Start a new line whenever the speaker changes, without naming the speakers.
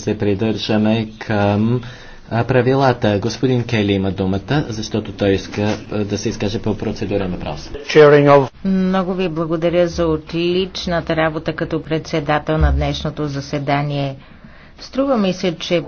се придържаме към правилата. Господин Кели има думата, защото той иска да се изкаже по процедура на въпрос.
Много ви благодаря
за отличната работа като председател на днешното заседание. Струва ми се, че